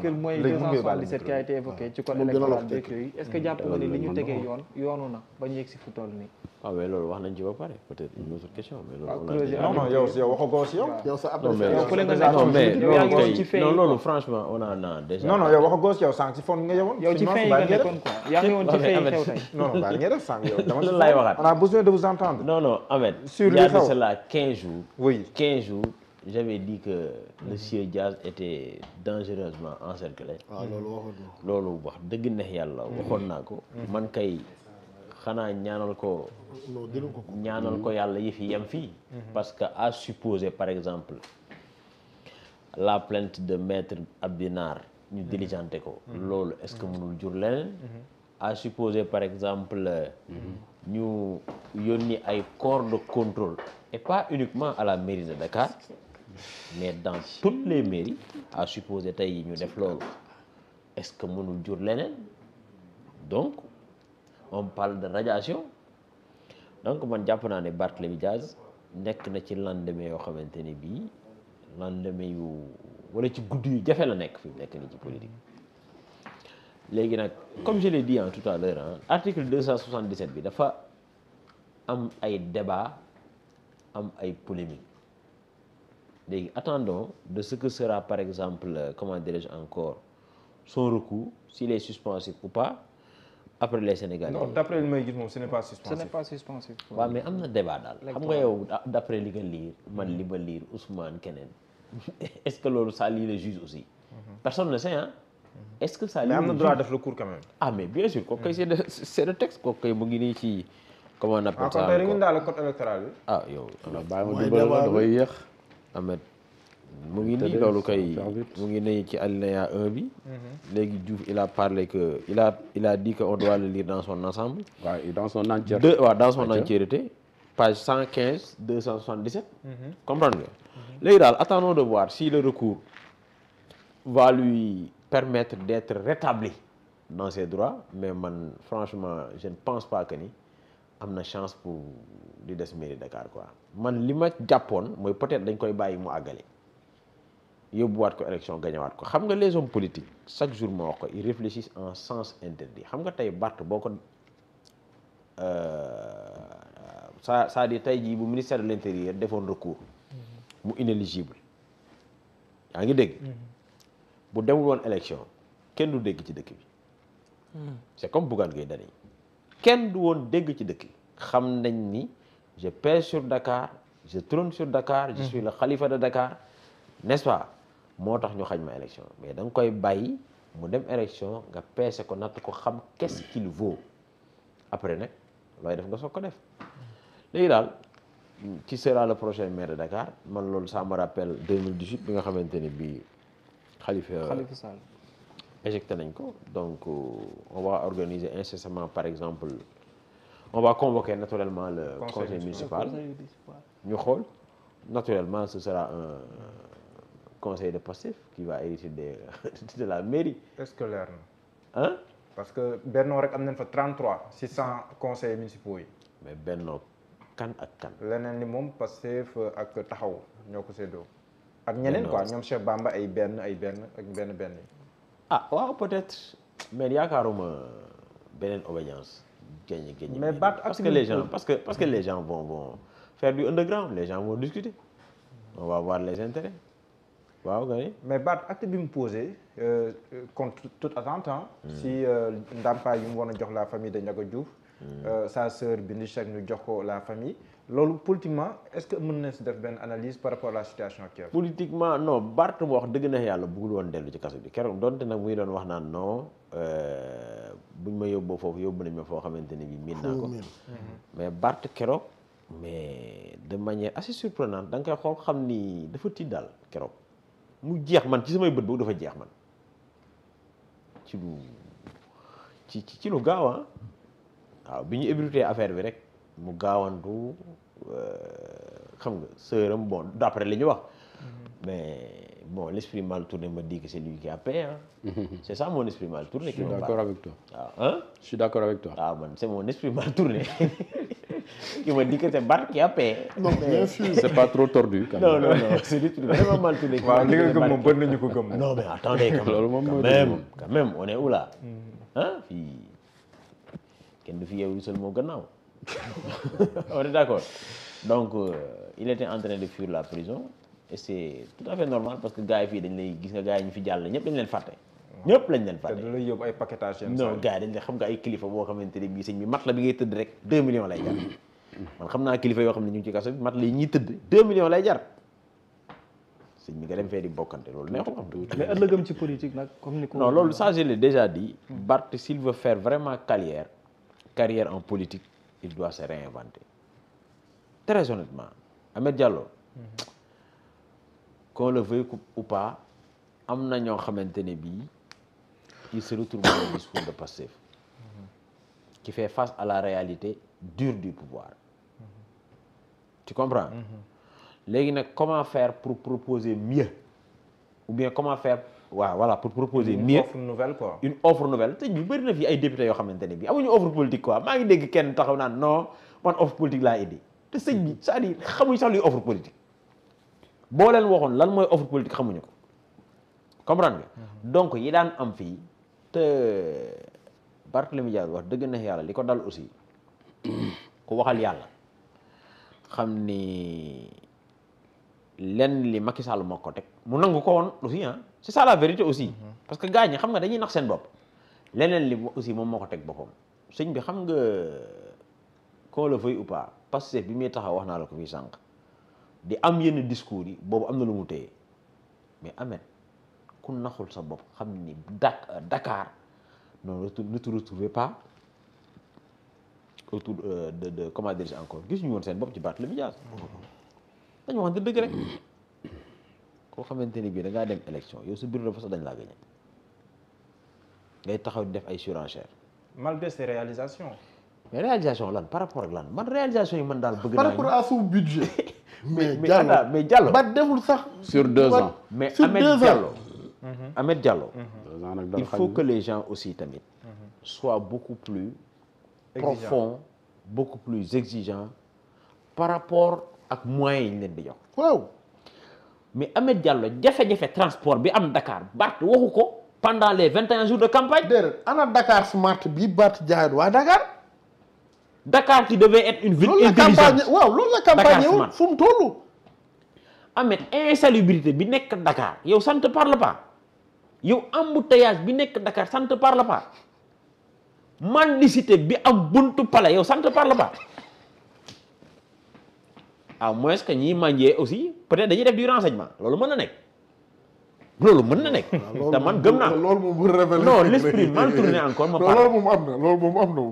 mooy 277 qui a été évoqué ci code électoral beeg yooyu est-ce que jàpp nga ne li ñu tegee yoon yoonu na ba ñu yegg si fu toll nii waaw ah, mais loolu wax nañ ci ba pare peut-être une autre question mais loolu ah, ah, non non yow yow waxagoo si yow yow sa après non loolu franchement on en a déjà non non yow waxagoo si yow sànq si fond nga yewoon yow ci fin yi nga nekkoon quoi yaa ngi woon ci fin yi xew tey non non baal ngeen def sànq yow dama loolu laay waxaat on a besoin de vous entendre non non Ahmed sur li xew cela 15 jours oui 15 jours j'avais dit que monsieur Diaz était dangereusement encerclé. Ah, waaw loolu wax dëgg neex yàlla waxoon naa ko. Mm-hmm. man kay xanaa ñaanal ko. ñaanal ko yàlla yi fi yem fii. Mm-hmm. parce que à supposer par exemple la plainte de maître Abdinar ñu mm-hmm. diligenté ko. loolu est-ce que mënul jur leneen. à supposer par exemple ñu yónni ay corps de contrôle et pas uniquement à la mairie de Dakar. mais dance toutes les mairies à supposer tey ñu def loolu est-ce que mënul jur leneen donc on parle de radiation donc man jàpp naa ne Barthélémy Diaz nekk na ci lendemain yoo xamante ni bii lendemain yu wala ci guddi yu jafe la nekk fi mu nekk ni ci politique léegi nag comme je l'ai dit en tout à l'heure ah article 277 bi dafa am ay débat am ay polémique léegi attendons de ce que sera par exemple euh, comment dirais-je encore son recours s'il est suspensif ou pas après les Sénégalais. non d'après li may gis moom ce n'est pas suspensif. ce n'est pas suspensif. waaw mais am na débat daal. xam nga yow ah, d'après li nga lire man li ma lire Ousmane keneen est-ce que loolu ça lie le juge aussi. Mhm. personne ne sait ah. est-ce que ça lie. mais am na droit def recours quand même. ah mais bien sûr kooku kay c'est de c'est de texte kooku kay mu ngi nii ci comment on appelle ah, ça. ah kon tey dañu daal code électoral bi. ah yow. bàyyi ma dugal dafay yéex. Ahmed mu ngi nii loolu kay mu ngi nii ci alinéa 1 bi. Mhm. léegi il a parlé que il a il a dit que on doit le lire dans son ensemble. dans son entièreté page mhm. comprendre nga. Mhm. léegi attendons de voir si le recours va lui permettre d'être rétabli dans ses droits mais franchement je ne pense pas que ni am na chance di des mairie Dakar quoi man li ma jàppoon mooy peut-être dañ koy bàyyi mu àggale yóbbuwaat ko élection gañawaat ko xam nga les hommes politiques chaque jour ma wax ko ils réfléchissent en sens interdit xam nga tey Barth boo ko euh, ça c'est-à-dire tey jii bu ministère de l'intérieur defoon recours mhm. mu inéligible yaa ngi dégg mhm. bu demul woon élection kenn du dégg ci dëkk bi mhm. c'est comme Bougane Gueye Dany kenn du woon dégg ci dëkk bi xam nañ ni je pèse sur Dakar je trône sur Dakar je hmm. suis le xalifa de Dakar n'est-ce moo tax ñu xañ ma élection mais da nga koy bàyyi mu dem élection nga peese ko natt ko xam qu'est-ce qu'il vaut après nag looy def nga soog ko def léegi daal ci sera le prochain maire de Dakar man loolu ça me rappelle 2018 bi nga xamante ne bii Khalifa Khalifa Sall éjecté nañ ko donc euh, on va organiser incessamment par exemple on va convoquer naturellement le conseil, conseil municipal ñu xool naturellement ce sera un conseil de passif qui va hériter de la mairie. est-ce que leer na. ah. parce que Benno rek am nañ fa 33 600 conseillers municipaux yi. mais Benno kan ak kan. leneen li moom Pastef ak Taxaw ñoo ko séddoo. ak ñeneen quoi ñoom Cheikh Bamba ay benn ay benn ak benn benn yi. ah waaw peut-être mais yaakaaruma beneen obédience. gagner, gagner. Mais battre parce que les gens, parce que, parce que les gens vont, vont faire du underground, les gens vont discuter. On va voir les intérêts. waaw kay mais baat acte bi mu posé euh, euh, contre toute attente hmm. si euh, ndàmpaay yi mu war a jox la famille de Ndiaga Diouf. Hmm. sa sœur Bindi Cheikh ñu jox ko la famille. loolu politiquement est-ce que mën nañ si def benn analyse par rapport à la situation actuelle. politiquement non Bart mu wax dëgg na yàlla bëggul woon dellu ci kaso bi keroog donte nag muy doon wax naan non euh, buñ ma yóbboo foofu yóbbu nañ ma foo xamante ne bii miin naa ko. Mhm. mais Bart keroog. mais de manière assez surprenante da koy xool xam ni dafa tiit daal keroog mu jeex man ci samay bët boobu dafa jeex man ci lu ci ci lu gaaw ah waaw bi ñu ébruité affaire bi rek. mu gaawantu euh, xam nga sëram bon d'après li ñu wax mm-hmm. mais bon l'esprit mal tourné me dit que c'est lui qui a payé mm-hmm. c'est ça mon esprit mal tourné. je suis d'accord avec toi ah je suis d'accord avec toi. ah man c'est mon esprit mal tourné. qui me dit que c'est Bart qui a payé. non bien sûr c'est pas trop tordu. quand même non non non mal tourné. waaw li nga gëm moom bëri nañu ko gëm. non mais attendez quand même mm-hmm. fii kenn du fi yeewul seulement gannaaw. on est d'accord donc euh, il était en de fuir la prison et c'est tout à fait normal parce que gars fii dañ lay gis nga gars ñu fi jàll ñëpp dañ leen fàtte ñëpp lañ leen fàtte te du lay yóbbu ay paquetage non dañ lay xam nga ay kilifa boo xamante ne bii sëñ bi mat la bi ngay tëdd rek 2 millions lay jar man xam naa kilifa yoo xam ne ñu ngi ci kaso bi mat la yi ñuy tëdd 2 millions lay jar sëñ bi nga dem fee bokkante loolu neexul am tuuti. mais ëllëgam ci politique nag comme ni ko. loolu ça je l'ai déjà dit. Barth s'il veut faire vraiment carrière il doit se réinventer très honnêtement Ahmed Diallo. qu'on le veuille ou pas am na ñoo xamante ne bii qui se retrouve dans le de Pastef qui fait face à la réalité dure du pouvoir tu comprends mhm. léegi nag comment faire pour proposer mieux ou bien comment faire waaw voilà pour proposer mieux une offre nouvelle quoi une offre nouvelle te ñu na fi ay député yoo xamante ne bi amuñu offre politique quoi maa ngi dégg kenn taxaw naan non man offre politique laa indi te sëñ bi c'est-à-dire xamuñ sax luy offre politique boo leen waxoon lan mooy offre politique ñu ko comprendre nga mm-hmm. donc yi daan am fii te Barthélemy Dias wax dëgg na yàlla li ko dal aussi ku waxal yàlla xam ni lenn li Macky Sall moo ko teg mu nangu ko woon aussi ah c'est ça la aussi mm-hmm. parce que gars ñi xam nga dañuy nax seen bopp leneen li aussi moom moo ko teg boppam sëñ bi xam nga qu'on le veuille ou pas Pastef bi muy taxaw wax naa la ko fii sànq di am yenn discours yi boobu am na lu mu téye mais amet ku naxul sa bopp xam ni dak Dakar non ne te retrouvez pas autour euh, de de comment dirais-je encore gis ñu woon seen bopp ci dañu waxante dëgg rek mm. koo xamante ni bii da ngaa dem élection yow sa bureau de vote dañ laa gagné ngay taxaw di def ay surenchère. malgré ses réalisations. mais réalisation lan par rapport ak lan man réalisation yi man daal bëgg naa. par rapport à son budget. mais Diallo mais Diallo mais mhm. Ahmed Diallo. Mhm. il faut que les gens aussi tamit. Mhm. soient beaucoup plus. profonds beaucoup plus exigeants par rapport. ak moyens yi ñu di jox. waaw mais amet jàll jafe-jafe transport bi am Dakar Bart waxu ko pendant les vingt et un jours de campagne. déedéet ana Dakar smart bi Bart jaayul waa Dakar. Dakar qui devait être une ville intelligente waaw loolu la campagne yow fu mu toll. Ahmed insalubrité bi nekk Dakar yow sant ne parle pas yow embouteillage bi nekk Dakar sant ne te parle pas bi am buntu pale yow ça ne à moins que ñiy mànjee aussi peut-être dañuy def du renseignement loolu mën na nekk loolu mën na nekk. Ah, te man gëm naa loolu moom bu révélé loolu moom am na loolu moom am na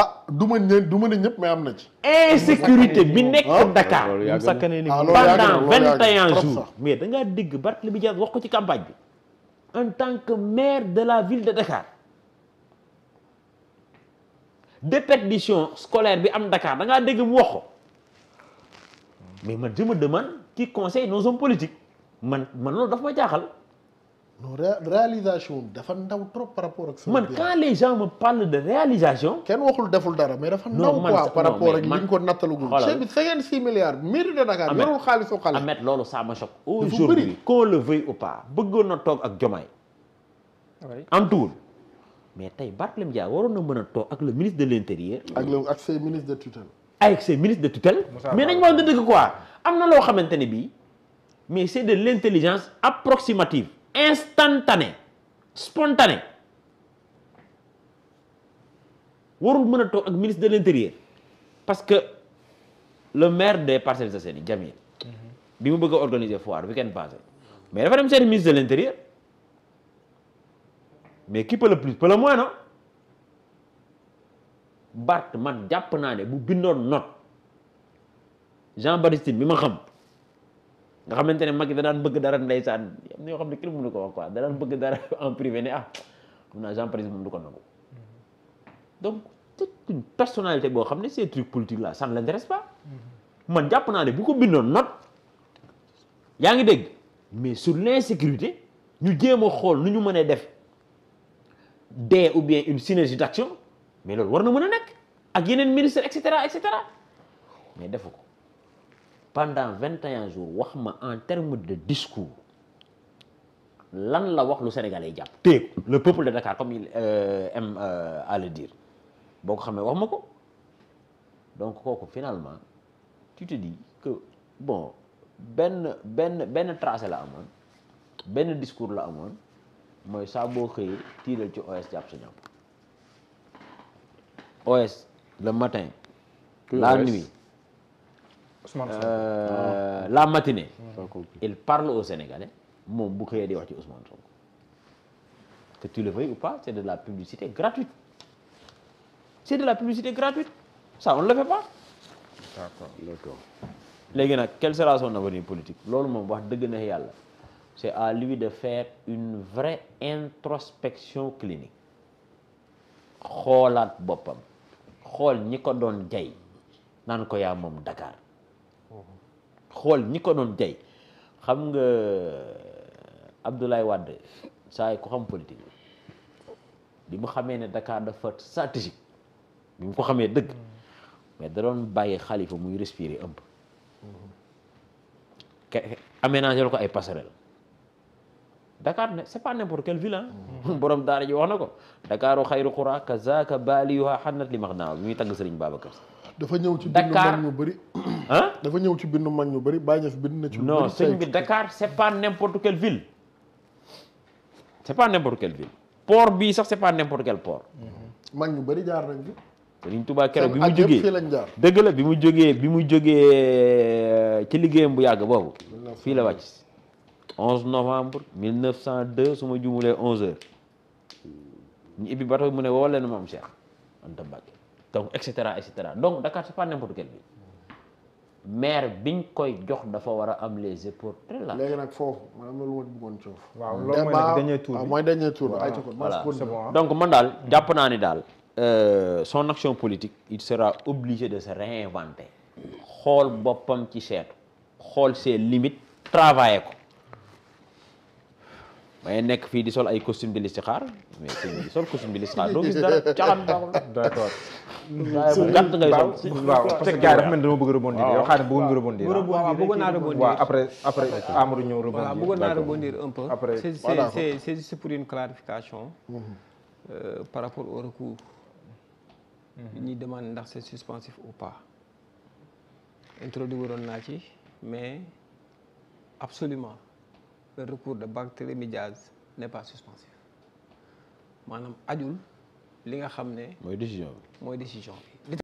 ah du ma ne du ma ne ñëpp ma am na ci. insécurité bi ah, nekk Dakar. ah loolu pendant vingt mais da ngaa dégg Barthélémy Dias wax ko ci campagne bi. en que maire de la ville de Dakar déperdition scolaire bi am Dakar dangaa dégg mu wax mais man je me demande qui conseille nos hommes politiques man man loolu dafa ma jaaxal. non réalisation dafa ndaw trop par rapport ak. man quand les gens me parlent kenn waxul deful dara mais dafa ndaw quoi par rapport ak liñ ko nattalugul. u bi 56 milliards mairie de Dakar. yorul xaalisu xale. Ahmed loolu ça me na toog ak Diomaye. am tuur mais la Barthélémy Dias waroon na mën a toog ak le ministre de l'intérieur. ak le ak ses ministres de tutelle. ay ses ministres de tutelle. mais nañ ma dëgg quoi am na loo xamante ne bii mais c'est de l'intelligence approximative instantanée spontanée warul mën a toog ak ministre de l'intérieur parce que le maire des Parcelles Assainies Jamil mhm. bi mu bëgg a organiser foire week-end passé mais dafa dem seen ministre de l'intérieur mais qui peut le plus peut le moins non Barth man jàpp naa ne bu bindoon note Jean Baptiste bi ma xam nga xamante ne mag da daan bëgg dara ndeysaan am na yoo xam ne kenn mënu ko wax quoi da daan bëgg dara en privé ne ah xam naa Jean Baptiste moom du ko nangu donc c'est une personnalité boo xam ne ces trucs politiques là ça ne l'intéresse man jàpp naa ne bu ko bindoon note yaa ngi dégg mais sur l'insécurité ñu jéem a xool nu ñu mënee def des ou bien une synergie d'action mais loolu war na mën a nekk ak yeneen ministre et cetera et mais defu ko pendant vingt et jours wax ma en terme de discours lan la wax lu sénégalais jàpp téeg le peuple de Dakar comme il euh, aime euh, à le dire boo ko xamee wax ma ko donc kooku finalement tu te dis que bon benn benn benn tracé la amoon benn discours la amoon mooy saaboo boo xëyee tiiral ci OS jàpp sa ñàpp OS le matin. la nuit. Ousmane euh, la matinée. il parle aux Sénégalais moom bu xëyee di wax ci Ousmane Sonko. que tu le veuilles c'est de la publicité gratuite. c'est de la publicité gratuite ça on ne le fait pas. d'accord d'accord. léegi nag quel sera son avenir politique loolu moom wax dëgg na yàlla c'est à lui de faire une vraie introspection clinique xoolaat boppam. xool ñi ko doon jay naan ko yaa moom dakaar xool ñi ko doon jay xam nga Abdoulaye Wade saa yi ko xam politique bi mu xamee ne Dakar dafa stratégique bi mu ko xamee dëgg mais da doon bàyyi Khalifa muy respirer un peu ko ay passerelle Dakar ne c'est pas n'importe quelle ville mm-hmm. borom daara ji wax na ko Dakaaru xayru qura kazaka baaliyuha xannat li max naa bi muy tagg sëriñ Babacar dafa ñëw ci bindu mag ñu ah dafa ñëw ci bindu mag ñu bëri bàyyi na fi bind na ci bi Dakar c'est pas n'importe quelle ville c'est pas n'importe quelle bii sax c'est pas n'importe quel port mm-hmm. ñu bëri jaar nañ fi sëriñ Tuubaa keroog bi mu jógee dëgg la bi mu jógee bi mu jógee euh, ci liggéeyam bu yàgg boobu fii la wàcc 11 novembre 1902 su ma jumulee 11h ñu ibbi bato mu ne woo leen maam Cheikh Anta Mbacké donc et cetera et donc Dakar c'est pas n'importe quel bi maire biñ koy jox dafa war a am les épaules très larges. léegi nag foofu man am na lu ma tour bi mooy donc man daal jàpp naa ni daal. Euh, son action politique il sera obligé de se réinventer xool boppam ci seetu xool ses limites travailler ko. may nekk fii di sol ay costume de listixaar mais sëñ bi di sol costume de listixaar doo gis dara caxan baaxul. d' accord. bu parce que gars yi bëgg rebondir. waaw waaw yow xaaral bëggoon nga rebondir. waaw naa rebondir waaw peu. après juste pour une clarification. Mm-hmm. Euh, par rapport au recours. Mm-hmm. ñuy demande ndax se est suspensif ou pas. introduire woon naa ci mais absolument le recours de Barthélémy Diaz n'est pas suspensif maanaam ajul li nga xam ne. mooy décision bi mooy décision bi.